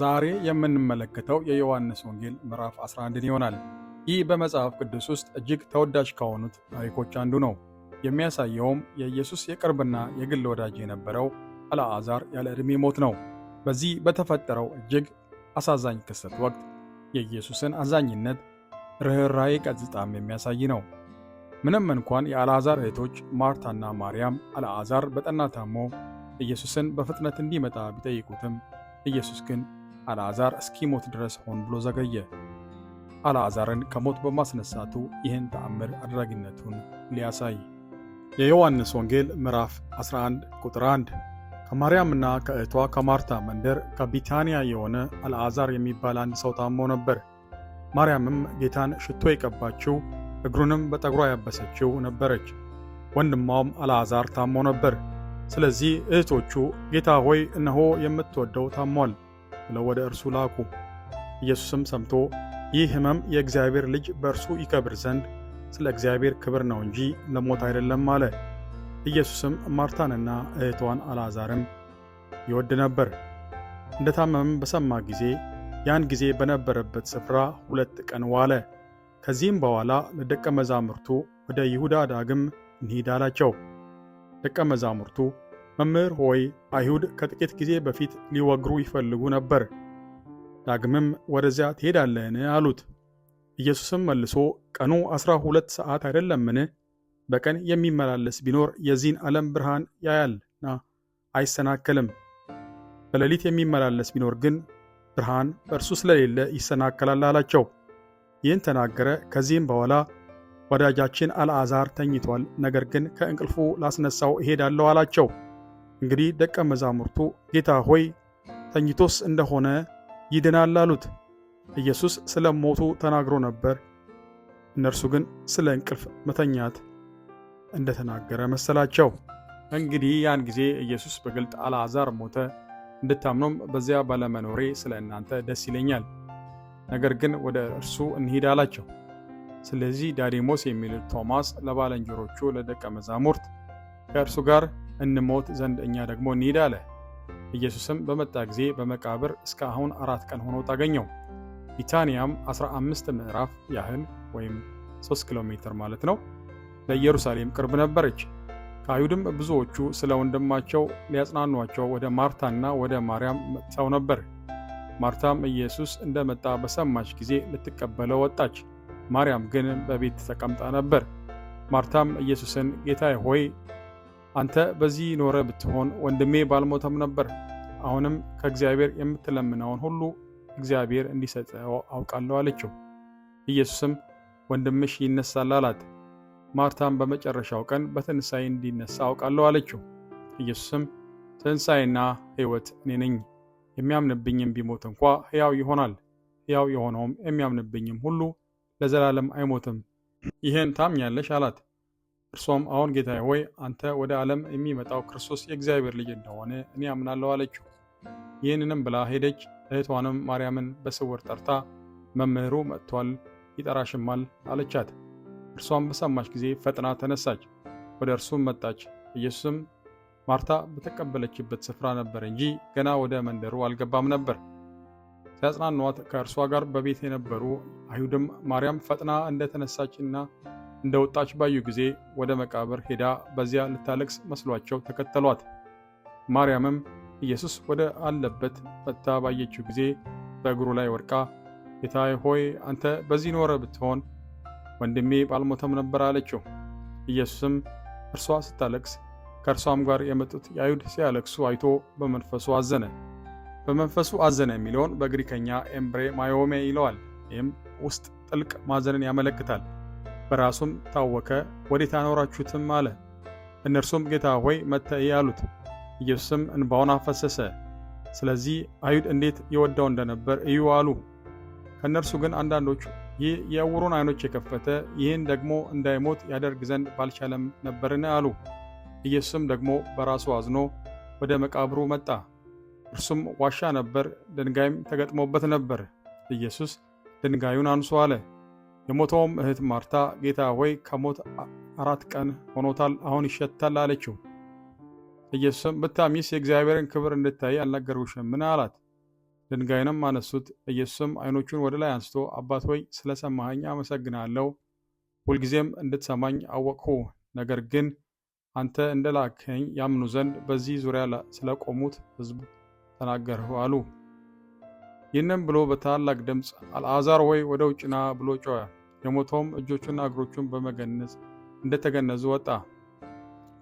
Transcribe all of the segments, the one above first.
ዛሬ የምንመለከተው የዮሐንስ ወንጌል ምዕራፍ 11ን ይሆናል። ይህ በመጽሐፍ ቅዱስ ውስጥ እጅግ ተወዳጅ ከሆኑት ታሪኮች አንዱ ነው። የሚያሳየውም የኢየሱስ የቅርብና የግል ወዳጅ የነበረው አልዓዛር ያለ ዕድሜ ሞት ነው። በዚህ በተፈጠረው እጅግ አሳዛኝ ክስተት ወቅት የኢየሱስን አዛኝነት፣ ርኅራዬ ገጽታም የሚያሳይ ነው። ምንም እንኳን የአልዓዛር እህቶች ማርታና ማርያም አልዓዛር በጠና ታሞ ኢየሱስን በፍጥነት እንዲመጣ ቢጠይቁትም ኢየሱስ ግን አልዓዛር እስኪሞት ድረስ ሆን ብሎ ዘገየ። አልዓዛርን ከሞት በማስነሳቱ ይህን ተአምር አድራጊነቱን ሊያሳይ የዮሐንስ ወንጌል ምዕራፍ 11 ቁጥር 1 ከማርያምና ከእህቷ ከማርታ መንደር ከቢታንያ የሆነ አልዓዛር የሚባል አንድ ሰው ታሞ ነበር። ማርያምም ጌታን ሽቶ የቀባችው እግሩንም በጠጉሯ ያበሰችው ነበረች። ወንድሟም አልዓዛር ታሞ ነበር። ስለዚህ እህቶቹ ጌታ ሆይ እነሆ የምትወደው ታሟል ብለው ወደ እርሱ ላኩ። ኢየሱስም ሰምቶ ይህ ሕመም የእግዚአብሔር ልጅ በእርሱ ይከብር ዘንድ ስለ እግዚአብሔር ክብር ነው እንጂ ለሞት አይደለም አለ። ኢየሱስም ማርታንና እህቷን አልዓዛርም ይወድ ነበር። እንደ ታመምም በሰማ ጊዜ ያን ጊዜ በነበረበት ስፍራ ሁለት ቀን ዋለ። ከዚህም በኋላ ለደቀ መዛሙርቱ ወደ ይሁዳ ዳግም እንሂድ አላቸው። ደቀ መዛሙርቱ መምህር ሆይ አይሁድ ከጥቂት ጊዜ በፊት ሊወግሩ ይፈልጉ ነበር፣ ዳግምም ወደዚያ ትሄዳለህን? አሉት። ኢየሱስም መልሶ ቀኑ ዐሥራ ሁለት ሰዓት አይደለምን? በቀን የሚመላለስ ቢኖር የዚህን ዓለም ብርሃን ያያልና አይሰናከልም። በሌሊት የሚመላለስ ቢኖር ግን ብርሃን በእርሱ ስለሌለ ይሰናከላል አላቸው። ይህን ተናገረ። ከዚህም በኋላ ወዳጃችን አልአዛር ተኝቷል፣ ነገር ግን ከእንቅልፉ ላስነሳው እሄዳለሁ አላቸው። እንግዲህ ደቀ መዛሙርቱ ጌታ ሆይ ተኝቶስ እንደሆነ ይድናል አሉት። ኢየሱስ ስለ ሞቱ ተናግሮ ነበር። እነርሱ ግን ስለ እንቅልፍ መተኛት እንደተናገረ መሰላቸው። እንግዲህ ያን ጊዜ ኢየሱስ በግልጥ አልአዛር ሞተ፣ እንድታምኖም በዚያ ባለመኖሬ ስለ እናንተ ደስ ይለኛል፣ ነገር ግን ወደ እርሱ እንሂድ አላቸው። ስለዚህ ዳዲሞስ የሚሉት ቶማስ ለባልንጀሮቹ ለደቀ መዛሙርት ከእርሱ ጋር እንሞት ዘንድ እኛ ደግሞ እንሂድ አለ። ኢየሱስም በመጣ ጊዜ በመቃብር እስከ አሁን አራት ቀን ሆኖ ታገኘው። ቢታንያም 15 ምዕራፍ ያህል ወይም 3 ኪሎ ሜትር ማለት ነው ለኢየሩሳሌም ቅርብ ነበረች። ከአይሁድም ብዙዎቹ ስለ ወንድማቸው ሊያጽናኗቸው ወደ ማርታና ወደ ማርያም መጥተው ነበር። ማርታም ኢየሱስ እንደመጣ በሰማች ጊዜ ልትቀበለው ወጣች። ማርያም ግን በቤት ተቀምጣ ነበር። ማርታም ኢየሱስን ጌታዬ ሆይ አንተ በዚህ ኖረ ብትሆን ወንድሜ ባልሞተም ነበር። አሁንም ከእግዚአብሔር የምትለምነውን ሁሉ እግዚአብሔር እንዲሰጠው አውቃለሁ አለችው። ኢየሱስም ወንድምሽ ይነሳል አላት። ማርታም በመጨረሻው ቀን በትንሣኤ እንዲነሳ አውቃለሁ አለችው። ኢየሱስም ትንሣኤና ሕይወት እኔ ነኝ፣ የሚያምንብኝም ቢሞት እንኳ ሕያው ይሆናል፣ ሕያው የሆነውም የሚያምንብኝም ሁሉ ለዘላለም አይሞትም፣ ይህን ታምኛለሽ አላት። እርሷም አሁን ጌታዬ ሆይ አንተ ወደ ዓለም የሚመጣው ክርስቶስ የእግዚአብሔር ልጅ እንደሆነ እኔ አምናለሁ አለችው። ይህንንም ብላ ሄደች። እህቷንም ማርያምን በስውር ጠርታ መምህሩ መጥቷል፣ ይጠራሽማል አለቻት። እርሷም በሰማች ጊዜ ፈጥና ተነሳች፣ ወደ እርሱም መጣች። ኢየሱስም ማርታ በተቀበለችበት ስፍራ ነበር እንጂ ገና ወደ መንደሩ አልገባም ነበር። ሲያጽናኗት ከእርሷ ጋር በቤት የነበሩ አይሁድም ማርያም ፈጥና እንደተነሳችና እንደወጣች ባዩ ጊዜ ወደ መቃብር ሄዳ በዚያ ልታለቅስ መስሏቸው ተከተሏት። ማርያምም ኢየሱስ ወደ አለበት መጥታ ባየችው ጊዜ በእግሩ ላይ ወድቃ ጌታዬ ሆይ አንተ በዚህ ኖረ ብትሆን ወንድሜ ባልሞተም ነበር አለችው። ኢየሱስም እርሷ ስታለቅስ ከእርሷም ጋር የመጡት የአይሁድ ሲያለቅሱ አይቶ በመንፈሱ አዘነ። በመንፈሱ አዘነ የሚለውን በግሪከኛ ኤምብሬ ማዮሜ ይለዋል። ይህም ውስጥ ጥልቅ ማዘንን ያመለክታል። በራሱም ታወከ፣ ወዴት አኖራችሁትም አለ። እነርሱም ጌታ ሆይ መተይ አሉት። ኢየሱስም እንባውን አፈሰሰ። ስለዚህ አይሁድ እንዴት የወዳው እንደነበር እዩ አሉ። ከእነርሱ ግን አንዳንዶቹ ይህ የዕውሩን ዓይኖች የከፈተ ይህን ደግሞ እንዳይሞት ያደርግ ዘንድ ባልቻለም ነበርን አሉ። ኢየሱስም ደግሞ በራሱ አዝኖ ወደ መቃብሩ መጣ። እርሱም ዋሻ ነበር፣ ድንጋይም ተገጥሞበት ነበር። ኢየሱስ ድንጋዩን አንሶ አለ። የሞተውም እህት ማርታ ጌታ ሆይ ከሞት አራት ቀን ሆኖታል፣ አሁን ይሸታል አለችው። ኢየሱስም ብታሚስ የእግዚአብሔርን ክብር እንድታይ ምን አላት። ድንጋዩንም አነሱት። ኢየሱስም ዓይኖቹን ወደ ላይ አንስቶ አባት ሆይ ስለ ሰማኸኝ አመሰግናለሁ። ሁልጊዜም እንድትሰማኝ አወቅሁ። ነገር ግን አንተ እንደላከኝ ያምኑ ዘንድ በዚህ ዙሪያ ስለቆሙት ህዝቡ። ተናገርሁ አሉ። ይህንም ብሎ በታላቅ ድምፅ አልዓዛር ሆይ ወደ ውጭና ብሎ ጮኸ። የሞተውም እጆቹና እግሮቹን በመገነዝ እንደተገነዙ ወጣ።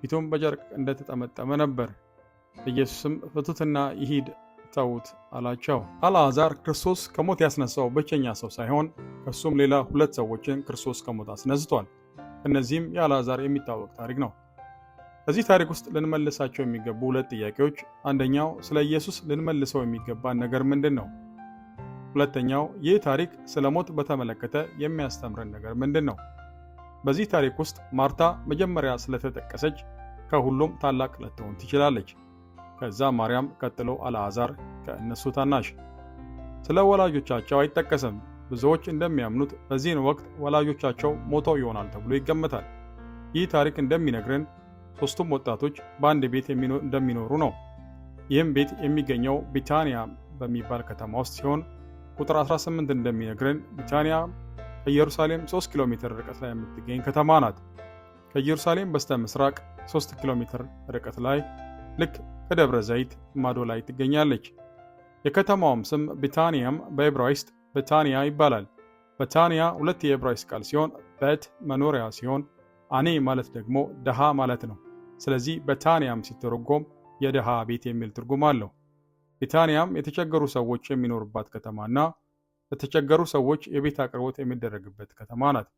ፊቱም በጨርቅ እንደተጠመጠመ ነበር። ኢየሱስም ፍቱትና ይሂድ ተዉት አላቸው። አልዓዛር ክርስቶስ ከሞት ያስነሳው ብቸኛ ሰው ሳይሆን ከእሱም ሌላ ሁለት ሰዎችን ክርስቶስ ከሞት አስነስቷል። እነዚህም የአልዓዛር የሚታወቅ ታሪክ ነው። እዚህ ታሪክ ውስጥ ልንመልሳቸው የሚገቡ ሁለት ጥያቄዎች፣ አንደኛው ስለ ኢየሱስ ልንመልሰው የሚገባን ነገር ምንድን ነው? ሁለተኛው ይህ ታሪክ ስለ ሞት በተመለከተ የሚያስተምረን ነገር ምንድን ነው? በዚህ ታሪክ ውስጥ ማርታ መጀመሪያ ስለተጠቀሰች ከሁሉም ታላቅ ልትሆን ትችላለች። ከዛ ማርያም፣ ቀጥሎ አልዓዛር ከእነሱ ታናሽ። ስለ ወላጆቻቸው አይጠቀስም። ብዙዎች እንደሚያምኑት በዚህን ወቅት ወላጆቻቸው ሞተው ይሆናል ተብሎ ይገመታል። ይህ ታሪክ እንደሚነግረን ሦስቱም ወጣቶች በአንድ ቤት እንደሚኖሩ ነው። ይህም ቤት የሚገኘው ቢታንያ በሚባል ከተማ ውስጥ ሲሆን ቁጥር 18 እንደሚነግረን ቢታንያ ከኢየሩሳሌም 3 ኪሎ ሜትር ርቀት ላይ የምትገኝ ከተማ ናት። ከኢየሩሳሌም በስተ ምስራቅ 3 ኪሎ ሜትር ርቀት ላይ ልክ ከደብረ ዘይት ማዶ ላይ ትገኛለች። የከተማውም ስም ቢታንያም በዕብራይስጥ ቢታንያ ይባላል። በታንያ ሁለት የዕብራይስጥ ቃል ሲሆን በት መኖሪያ ሲሆን አኔ ማለት ደግሞ ደሃ ማለት ነው። ስለዚህ በታንያም ሲተረጎም የድሃ ቤት የሚል ትርጉም አለው። ቢታንያም የተቸገሩ ሰዎች የሚኖሩባት ከተማና ለተቸገሩ ሰዎች የቤት አቅርቦት የሚደረግበት ከተማ ናት።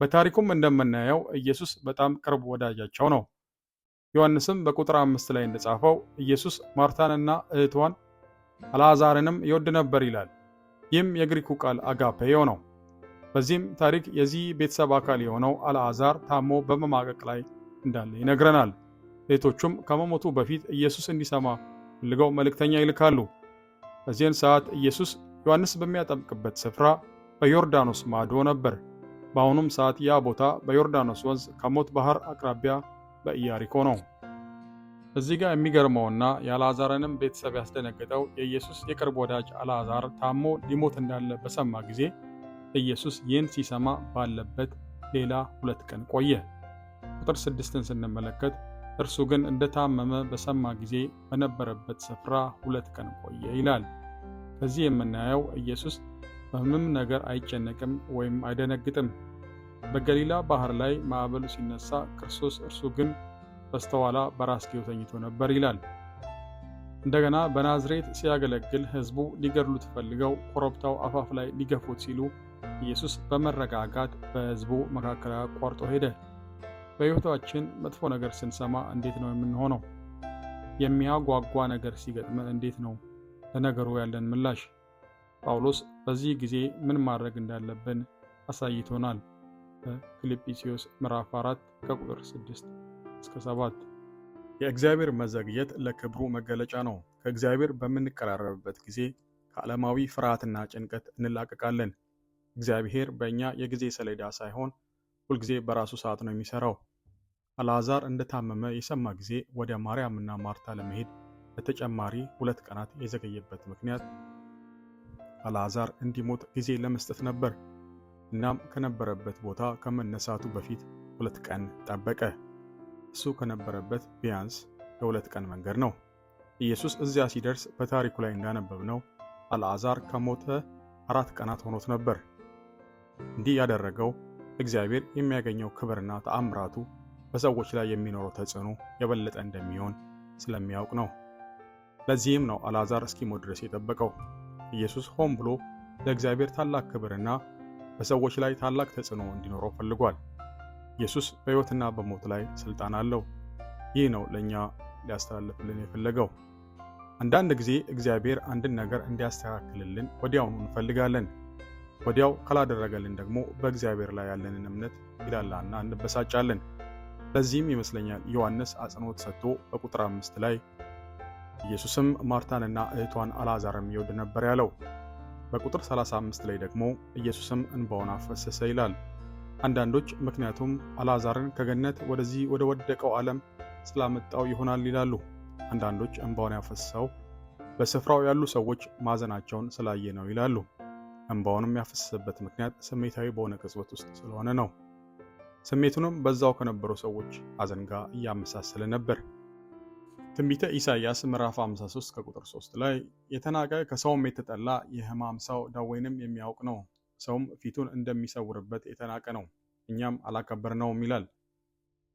በታሪኩም እንደምናየው ኢየሱስ በጣም ቅርብ ወዳጃቸው ነው። ዮሐንስም በቁጥር አምስት ላይ እንደጻፈው ኢየሱስ ማርታንና እህቷን አልዓዛርንም ይወድ ነበር ይላል። ይህም የግሪኩ ቃል አጋፔዮ ነው። በዚህም ታሪክ የዚህ ቤተሰብ አካል የሆነው አልዓዛር ታሞ በመማቀቅ ላይ እንዳለ ይነግረናል። ሴቶቹም ከመሞቱ በፊት ኢየሱስ እንዲሰማ ፈልገው መልእክተኛ ይልካሉ። በዚህን ሰዓት ኢየሱስ ዮሐንስ በሚያጠምቅበት ስፍራ በዮርዳኖስ ማዶ ነበር። በአሁኑም ሰዓት ያ ቦታ በዮርዳኖስ ወንዝ ከሞት ባህር አቅራቢያ በኢያሪኮ ነው። እዚህ ጋር የሚገርመውና የአልዓዛርንም ቤተሰብ ያስደነገጠው የኢየሱስ የቅርብ ወዳጅ አልዓዛር ታሞ ሊሞት እንዳለ በሰማ ጊዜ ኢየሱስ ይህን ሲሰማ ባለበት ሌላ ሁለት ቀን ቆየ። ቁጥር ስድስትን ስንመለከት እርሱ ግን እንደታመመ በሰማ ጊዜ በነበረበት ስፍራ ሁለት ቀን ቆየ ይላል። ከዚህ የምናየው ኢየሱስ በምንም ነገር አይጨነቅም ወይም አይደነግጥም። በገሊላ ባህር ላይ ማዕበሉ ሲነሳ ክርስቶስ እርሱ ግን በስተኋላ በራስጌው ተኝቶ ነበር ይላል። እንደገና በናዝሬት ሲያገለግል ሕዝቡ ሊገድሉት ፈልገው ኮረብታው አፋፍ ላይ ሊገፉት ሲሉ ኢየሱስ በመረጋጋት በሕዝቡ መካከል አቋርጦ ሄደ። በሕይወታችን መጥፎ ነገር ስንሰማ እንዴት ነው የምንሆነው? የሚያጓጓ ነገር ሲገጥመን እንዴት ነው ለነገሩ ያለን ምላሽ? ጳውሎስ በዚህ ጊዜ ምን ማድረግ እንዳለብን አሳይቶናል። በፊልጵስዩስ ምዕራፍ 4 ከቁጥር 6 እስከ 7 የእግዚአብሔር መዘግየት ለክብሩ መገለጫ ነው። ከእግዚአብሔር በምንቀራረብበት ጊዜ ከዓለማዊ ፍርሃትና ጭንቀት እንላቀቃለን። እግዚአብሔር በእኛ የጊዜ ሰሌዳ ሳይሆን ሁልጊዜ በራሱ ሰዓት ነው የሚሰራው። አልዓዛር እንደታመመ የሰማ ጊዜ ወደ ማርያምና ማርታ ለመሄድ በተጨማሪ ሁለት ቀናት የዘገየበት ምክንያት አልዓዛር እንዲሞት ጊዜ ለመስጠት ነበር። እናም ከነበረበት ቦታ ከመነሳቱ በፊት ሁለት ቀን ጠበቀ። እሱ ከነበረበት ቢያንስ የሁለት ቀን መንገድ ነው። ኢየሱስ እዚያ ሲደርስ በታሪኩ ላይ እንዳነበብነው አልዓዛር ከሞተ አራት ቀናት ሆኖት ነበር። እንዲህ ያደረገው እግዚአብሔር የሚያገኘው ክብርና ተአምራቱ በሰዎች ላይ የሚኖረው ተጽዕኖ የበለጠ እንደሚሆን ስለሚያውቅ ነው። ለዚህም ነው አልዓዛር እስኪሞት ድረስ የጠበቀው። ኢየሱስ ሆን ብሎ ለእግዚአብሔር ታላቅ ክብርና በሰዎች ላይ ታላቅ ተጽዕኖ እንዲኖረው ፈልጓል። ኢየሱስ በሕይወትና በሞት ላይ ሥልጣን አለው። ይህ ነው ለእኛ ሊያስተላልፍልን የፈለገው። አንዳንድ ጊዜ እግዚአብሔር አንድን ነገር እንዲያስተካክልልን ወዲያውኑ እንፈልጋለን። ወዲያው ካላደረገልን ደግሞ በእግዚአብሔር ላይ ያለንን እምነት ይላላና እንበሳጫለን። ለዚህም ይመስለኛል ዮሐንስ አጽንዖት ሰጥቶ በቁጥር አምስት ላይ ኢየሱስም ማርታንና እህቷን አልዓዛርም ይወድ ነበር ያለው። በቁጥር 35 ላይ ደግሞ ኢየሱስም እንባውን አፈሰሰ ይላል። አንዳንዶች ምክንያቱም አልዓዛርን ከገነት ወደዚህ ወደ ወደቀው ዓለም ስላመጣው ይሆናል ይላሉ። አንዳንዶች እንባውን ያፈሰሰው በስፍራው ያሉ ሰዎች ማዘናቸውን ስላየ ነው ይላሉ። እንባውንም ያፈሰሰበት ምክንያት ስሜታዊ በሆነ ቅጽበት ውስጥ ስለሆነ ነው። ስሜቱንም በዛው ከነበሩ ሰዎች አዘን ጋር እያመሳሰለ ነበር። ትንቢተ ኢሳይያስ ምዕራፍ 53 ከቁጥር 3 ላይ የተናቀ ከሰውም የተጠላ የሕማም ሰው ደዌንም የሚያውቅ ነው፣ ሰውም ፊቱን እንደሚሰውርበት የተናቀ ነው፣ እኛም አላከበርነውም ይላል።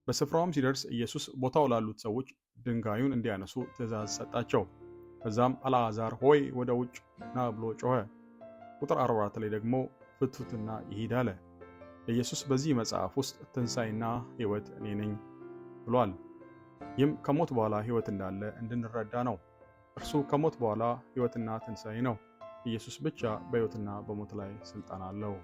በስፍራውም ሲደርስ ኢየሱስ ቦታው ላሉት ሰዎች ድንጋዩን እንዲያነሱ ትእዛዝ ሰጣቸው። ከዛም አልዓዛር ሆይ ወደ ውጭ ና ብሎ ጮኸ። ቁጥር 44 ላይ ደግሞ ፍቱትና ይሂድ አለ። ኢየሱስ በዚህ መጽሐፍ ውስጥ ትንሣኤና ሕይወት እኔ ነኝ ብሏል። ይህም ከሞት በኋላ ሕይወት እንዳለ እንድንረዳ ነው። እርሱ ከሞት በኋላ ሕይወትና ትንሣኤ ነው። ኢየሱስ ብቻ በሕይወትና በሞት ላይ ሥልጣን አለው።